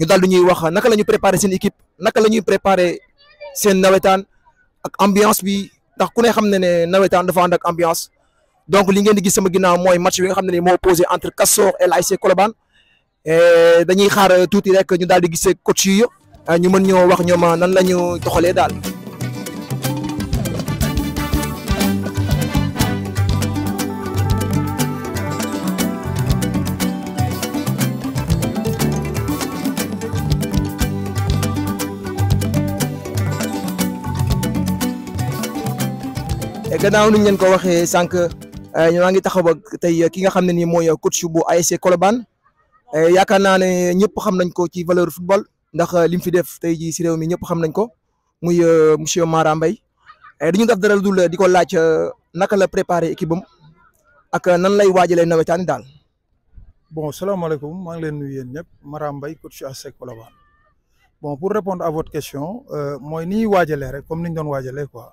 ñu daal di ñuy wax naka la ñu préparer seen équipe naka la ñuy préparer seen nawetaan ak ambiance bi ndax ku ne xam ne ne nawetaan dafa ànd ak ambiance donc li ngeen di gis sama ginnaaw mooy match bi nga xam ne ni moo posé entre Castors et l'ASC Colobane dañuy xaar tuuti rek ñu daal di gisee coach yi ñu mën ñoo wax ñoom nan la ñu doxalee daal. gannaaw ni ñu leen ko waxee sànq ñoo euh, ngi taxaw ak tey ki nga xam ne nii mooy coach bu ASC Colobane euh, yaakaar naa ne ñëpp xam nañ ko ci valeur football ndax euh, li fi def tey jii si réew mi ñëpp xam nañ ko muy monsieur Mara Mbaye dañu def dara dul di ko laaj naka la préparer équipe am ak nan lay waajalee nawetaani daal. bon salaamaaleykum maa ngi leen nuyu yéen ñëpp Mara Mbaye coach ASC Colobane bon pour répondre a votre question mooy ni ñuy waajalee rek comme ni doon waajalee quoi.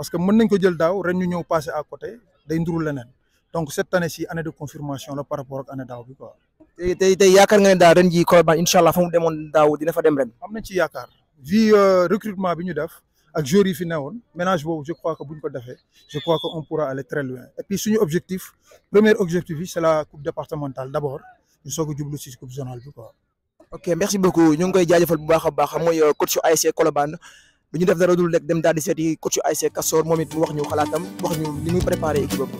parce que mën nañ ko jël daw ren ñu ñëw passé à côté day nduru leneen donc cette année ci année de confirmation la par rapport ak année daw bi quoi. tey tey yaakar nga ne daaw ren ji ko ba allah fa mu demoon daw dina fa dem ren. am nañ ci yaakar vu euh, recrutement bi ñu def ak jour yi fi newoon ménage bobu je crois que buñ ko défé je crois que on pourra aller très loin et puis suñu objectif premier objectif c'est la coupe départementale d'abord. ñu soog djublu ci coupe zonale bi quoi. ok merci beaucoup ñu ngi koy jaajëfal bu baax a baax euh, coach ASC Colobane. bi ñu def dara dul rek dem daal di seeti coach ASC Castors moom it mu wax ñu xalaatam wax ñu li muy préparé équipe am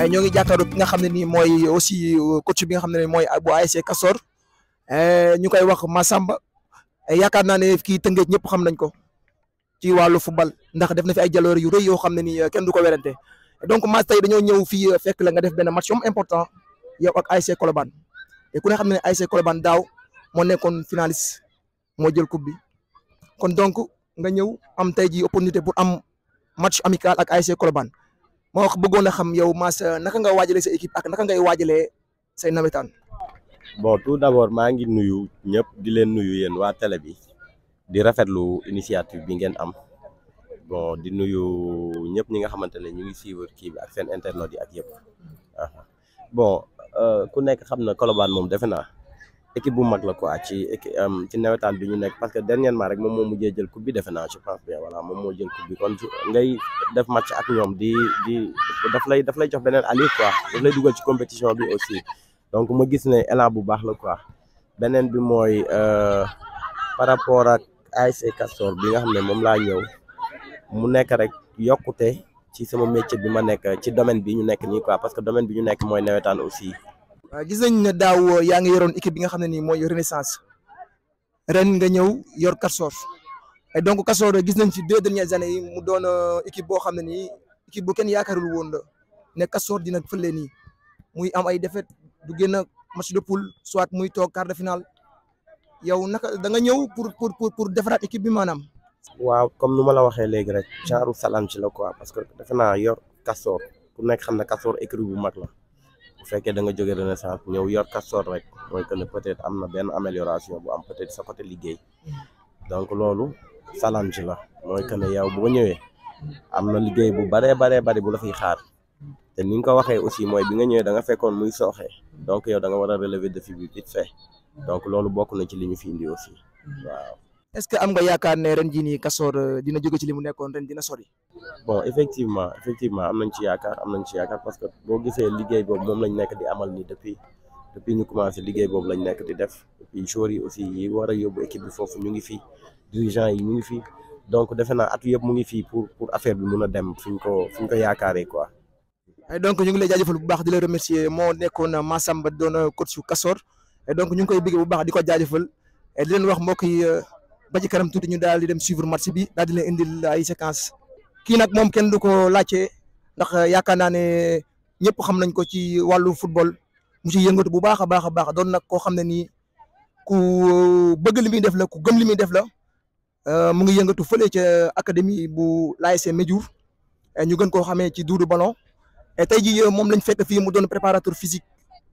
Eh, ñoo ngi jàkkaaru ki nga xam ne nii mooy aussi euh, coach bi nga xam ne mooy bu ASC Castor eh, ñu koy wax Massamba eh, yaakaar naa ne kii tëngeej ñëpp xam nañ ko ci wàllu football ndax def na fi ay jaloor yu rey yoo xam ne ni kenn du ko werante donc Mass tey dañoo ñëw fii fekk la nga def benn match am important yow ak ASC Colobane te ku ne xam ne ASC Colobane daaw moo nekkoon finaliste moo jël coupe bi kon donc nga ñëw am tey ji opportunité pour am match amical ak ASC Colobane moo wax bëggoon a xam yow Mass naka nga waajalee sa équipe ak naka ngay waajalee say nawetaan. bon tout d'abord maa ngi nuyu ñëpp di leen nuyu yéen waa télé bi di rafetlu initiative bi ngeen am bon di nuyu ñëpp ñi nga xamante ne ñu ngi suivre kii bi ak seen internautes yi ak yëpp bon euh, ku nekk xam na Colobane moom defe naa. équipe bu mag la quoi ci ci nawetaan bi ñu nekk parce que dernièrement rek moom moo mujjee jël coupe bi defe naa je pense bien voilà moom moo jël coupe kon ngay def match ak ñoom di di daf lay daf lay jox beneen allure quoi daf lay dugal ci compétition bi aussi donc ma gis ne élan bu baax la quoi beneen bi mooy euh, par rapport ak ASC Castor bi nga xam ne moom laa ñëw mu nekk rek yokkute ci sama métier bi ma nekk ci domaine bi ñu nekk nii quoi parce que domaine bi ñu nekk mooy nawetaan aussi Euh, gis nañ ne daaw euh, yaa ngi yoroon équipe bi nga xam ne nii mooy renaissance ren nga ñëw yor Castors et donc Castors gis nañ ci deux dernières années yi mu doon euh, équipe boo xam ne ni équipe bu kenn yaakaarul woon la ne Castors dina fële nii muy am ay défaite du a match de poule soit muy toog kar de finale yow naka da nga ñëw pour pour pour pour defaraat équipe bi maanaam. waaw comme nu ma la waxee léegi rek. genre salaam ci la koi parce que defe naa yor Castors ku nekk xam na Castors équipe bu mag la. bu fekkee da nga jóge renaissance ñëw yor Castor rek mooy que ne peut être am na benn amélioration bu am peut être sa côté liggéey donc loolu challenge la mooy que ne yow boo ñëwee am na liggéey bu bare bare bare bu la fiy xaar te ni nga ko waxee aussi mooy bi nga ñëwee eh. da nga fekkoon muy sooxe donc yow da nga war a relever fi bi vite fait eh. donc loolu bokk na ci li ñu fi indi aussi waaw. est-ce que am nga yaakaar ne ren jii nii Castors euh, dina jóge ci li mu nekkoon ren dina sori. bon effectivement effectivement am nañ ci yaakaar am nañ ci yaakaar parce que boo gisee liggéey boobu moom lañ nekk di amal nii depuis depuis ñu liggéey boobu lañ nekk di def et puis joueurs yi aussi yi war a yóbbu équipe bi foofu ñu ngi fi dirigeants yi ñu ngi fi donc defe naa at yëpp mu ngi fi pour pour affaire bi mun a dem fi ñu ko fi ñu ko yaakaaree quoi. donc ñu bu baax di la remercier moo nekkoon Massamba doon coach su ñu ngi koy bëgg bu baax di ko jaajëfal di leen wax mbokk euh, ba ci kanam tuuti ñu dal di dem suivre match bi dal di leen indil ay séquence ki nak mom kenn du ko ndax yaakaar naa ne xam nañ ko ci walu football mu ci yëngatu bu baaxa baaxa baax don nak doon nag ko xam ku euh, bëgg limi def la ku gëm limi def la euh, mu ngi yëngatu feulé ci académie bu l'ASC Médiour ñu gën ko xamé ci Doudou Ballon tay ji euh, mom lañ fété fi mu doon préparateur physique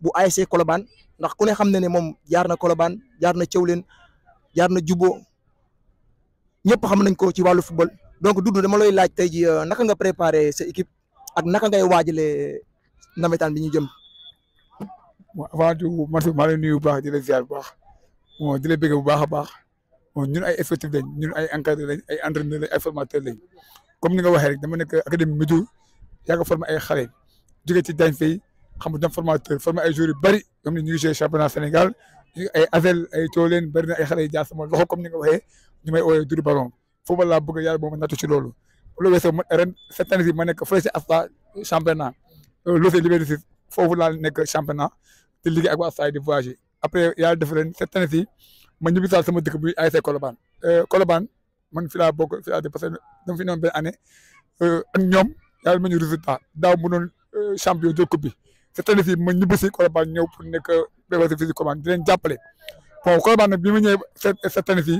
bu ASC Colobane ndax ku ne xam ne yarna moom jaar na Colobane jaar na jaar Jubo ñëpp xam nañ ko ci wàllu football donc du Doudou dama lay laaj tey ji euh, naka nga préparé sa équipe ak naka ngay waajalee nawetaan bi ñu jëm. bon avant tout man maa lay nuyu bu baax di la ziar bu baax bon di bu baax a baax bon ñun ay effectif lañ ñun ay encadré lañ ay entraîneur lañ ay formateur lañ comme ni nga waxee rek dama nekk académie Médou yaa ko formé ay xale jóge ci daañu fay xam nga formateur formé ay joueurs yu bari comme ni ñu ngi championnat Sénégal ay Avel ay Tooleen bëri na ay xale jaar sama loxo comme ni nga waxee. ñu may ooyee Doudou Baron football laa bëgg yàlla bo ma nattu ci lolu lu weesoo mo ren cette année ci ma nek fële ci ASFA championnat euh, Losé Liberté si fofu la nek championnat te ligue ak wa ASFA di voyager après yàlla def ren cette année ci ma ñibbi saal sama dëkk bu bi ASC Colobane euh, Colobane man fi la bokk fi laa parce que dama fi noonu benn année euh ak ñom yàlla ma ñu résultat daaw mu doon euh, champion de coupe bi cette année ci ma ñibbi si Colobane ñëw pour nekk fi physique commande di leen jappalé bon Colobane nag bi ma ñëwee cette année ci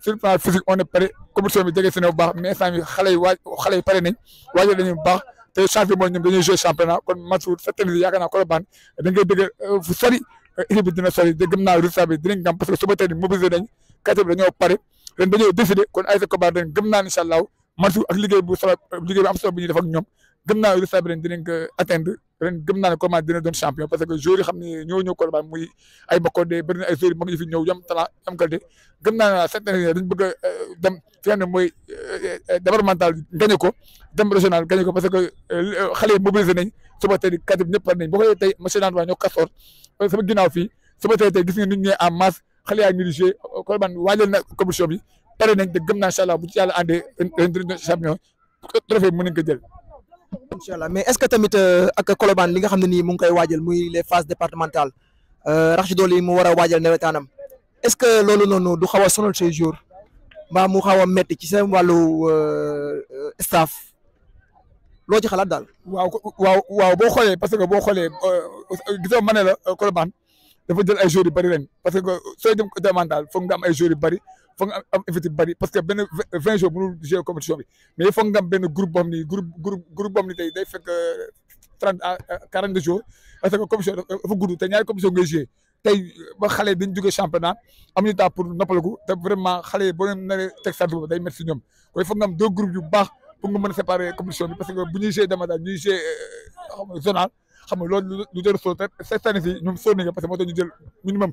sur le plan physique on est pare compétition bi jege si ne bu baax mais instant bi xale yi pare nañ waajal nañu baax te champion mooy ñoom dañuy jouer championnat kon match wu cette année yaakaar naa Colobane dañ koy dégg fu sori équipe dina sori gëm naa résultat bi dinañ gàm parce que suba tey mobilisé nañ quartier bi dañoo pare ren dañoo décidé kon ASC Colobane ren gëm naa incha allah match ak liggéey bu solo liggéey bu am solo bi ñuy def ñoom gëm naa Youssouf Sabaly dinañ ko naa ne Colobane dina doon champion parce que joueurs yi xam ne ñoo ñëw Colobane muy ay Makode bëri na ay joueurs yu mag yu fi ñëw yam talent am qualité gëm naa ne waaw cette bëgg a euh, dem fi nga euh, euh, ko parce que xale yi mobilisé nañ suba tey kaddu ñëpp pare nañ boo xoolee tey monsieur Nante waa ñoo Castor sama ginnaaw fii suba tey tey gis nga nit ñi en masse xale yaa ngi di joué Colobane waajal na compétition pare nañ te gëm naa incha allah bu ci yàlla àndee ren dinañ champion incha allah mais est-ce que tamit euh, ak Colobane li nga xam ne nii mu ngi koy waajal muy les phases départementales euh, rax ci dool yi mu war a waajal nawetaanam est-ce que loolu noonu du xaw a sonal ces jours mbaa mu xaw a metti ci seen wàllu euh, staff loo ci xalaat daal. waaw waaw waaw boo xoolee parce que boo xoolee gisoo ma la Colobane dafa jël ay jours yu bëri ren parce que sooy dem départemental foog nga am ay jours yu bëri. foog nga am parce que ben 20 jours mënul gérer compétition bi mais il faut am ben groupe bam ni groupe groupe groupe boo ni tey day fekk 30 à 40 jours parce que compétition faut goudou te ñaari compétition ngay gérer tay euh, ba xalé yi dañ jógee championnat amuñu temps pour noppaliku te vraiment xalé bo boo leen naree teg sant day métti si ñoom kon foog deux groupes yu bax pour nga mën séparer compétition bi parce que bu ñuy jé dama daal ñuy jé euh, xam nga zonal xam nga loolu lu jëriñ soo te cette année ci ñoom soo parce que mo tax ñu jël minimum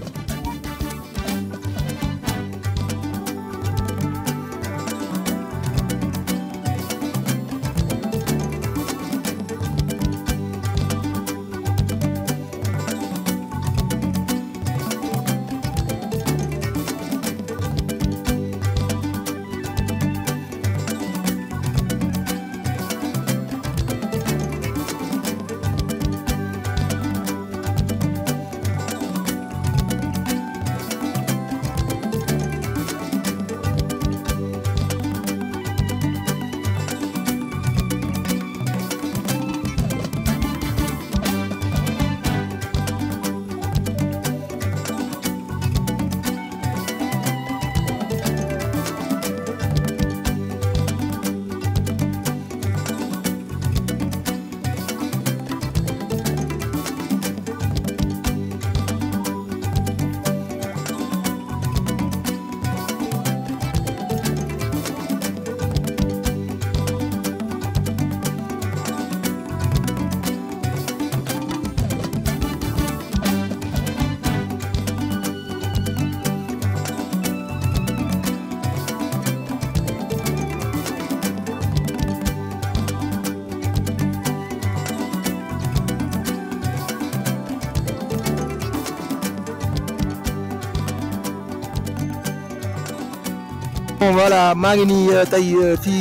voilà maa ngi nii euh, euh, fi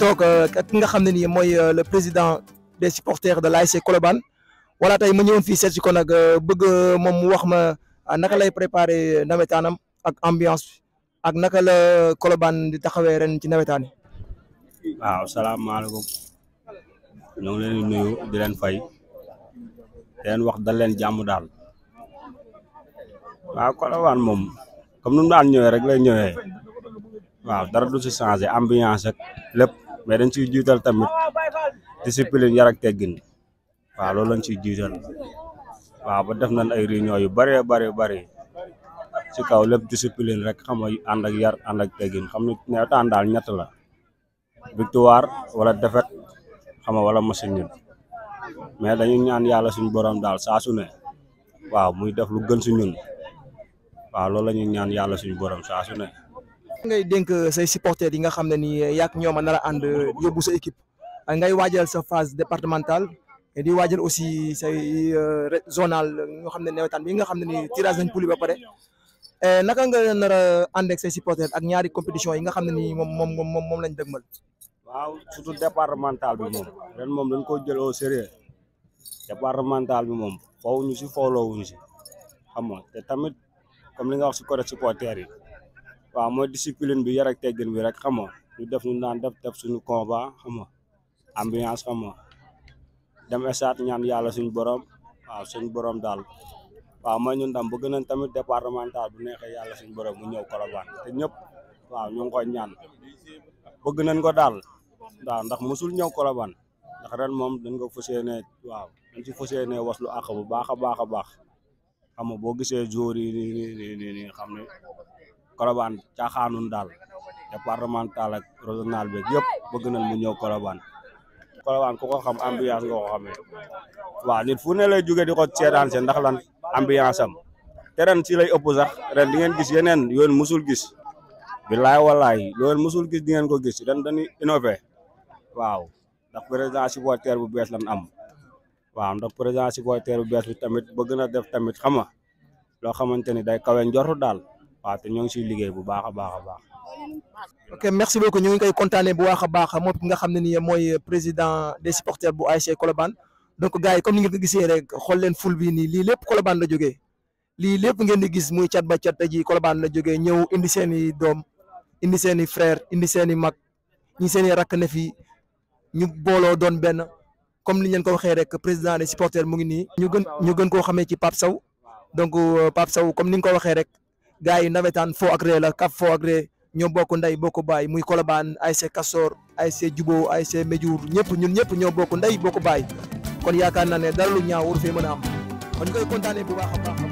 tok euh, ak nga le président des supporters de l'ASC Colobane voilà Wala ma ñëwoon fii seet si ko nag bëgg moom wax ma naka lay préparer ak ambiance ak naka di ren ci nawetaan yi. waaw salaamaaleykum ñoo ngi leen di nuyu di leen fay leen wax dal leen jàmm daal waaw Colobane moom comme nu daan ñëwee rek lay waaw dara du ci changer ambiance ak lépp mais dañ ciy jiital tamit discipline yar ak teggin waaw loolu lañ ciy jiital waaw ba def nañ ay réunion yu bëree ci kaw lépp discipline rek xam nga ànd ak yar ànd ak teggin xam ne taan daal ñett la victoire wala defet xam wala machine ñun mais dañu ñaan yàlla suñu borom daal saa su ne waaw muy def lu gën si ñun waaw loolu la ñaan yàlla suñu borom saa su ne ngay denk say supporter yi nga xamné ni yak ñoom a nar a ànd sa équipe ngay wajjal sa phase départementale di wajjal aussi say zonal ñoo xamné ne bi nga xamné ni tirage nañ poule ba euh naka nga nara and ak say supporter ak ñaari compétition yi nga xamné ni mom mom mom mom lañ deugmal waaw surtout départemental bi mom ren mom dañ ko jël au sérieux départemental bi mom faaw ñu si follow wuñ si xam nga te tamit comme li nga wax ci correct supporter yi wa mo discipline bi yar ak teggin bi rek xamoo ñu def ñu naan def def suñu combat xamoo ambiance xamoo dem essat ñaan yalla suñu borom wa suñu borom dal wa mooy ñun dam bëgg nañ tamit départemental bu neexé yalla suñu borom mu ñew Colobane te ñep wa ñu ngi koy ñaan bëgg nañ ko dal ndax musul ñew ndax ren mom dañ ko wa dañ ci waslu akabu bu baaxa baaxa baax a baax xam nga gisee jour yi Colobane caaxaanun daal départemental ak régional bi yëpp bëgg nañ mu ñëw Colobane Colobane ku ko xam ambiance nga ko xamee waaw nit fu ne lay jóge di ko seetaan seen ndax lan ambiance am te ren si lay ëpp sax ren di ngeen gis yeneen yoon musul gis billaay wallaay loolu musul gis di ngeen ko gis ren dañuy innové waaw ndax président supporter bu bees lan am waaw ndax président supporter bu bees bi tamit bëgg na def tamit xama loo xamante ni day kawe jor daal waaw te ñoo ngi siy liggéey bu baax a baax a baax. ok merci beaucoup ngi koy kontaanee bu baax a baax moom ki nga xam ne nii mooy président des supporters bu ASC Colobane donc gars yi comme ni ngeen ko gisee rek xool leen ful bi nii lii lépp Colobane la jógee lii lépp ngeen di gis muy cat ba cat ji Colobane la jógee ñëw indi seen i doom indi seen i frère indi seen i mag ñi seen i rakk ne fi ñu booloo doon benn comme ni ngeen ko waxee rek président des supporters mu ngi nii. ñu gën ñu gën koo xamee ci Pape Sow donc euh, Pape Sow comme ni nga ko waxee rek. gars yi nawetaan foo ak la kaf foo ak ree ñoo bokk ndey bokk baay muy Colobane ASC Castor ASC Jubo ASC Médiour ñëpp ñun ñëpp ñoo bokk ndey bokk baay kon yaakaar naa ne dara lu ñaaw waru mën a am kon ñu koy kontaanee bu baax a baax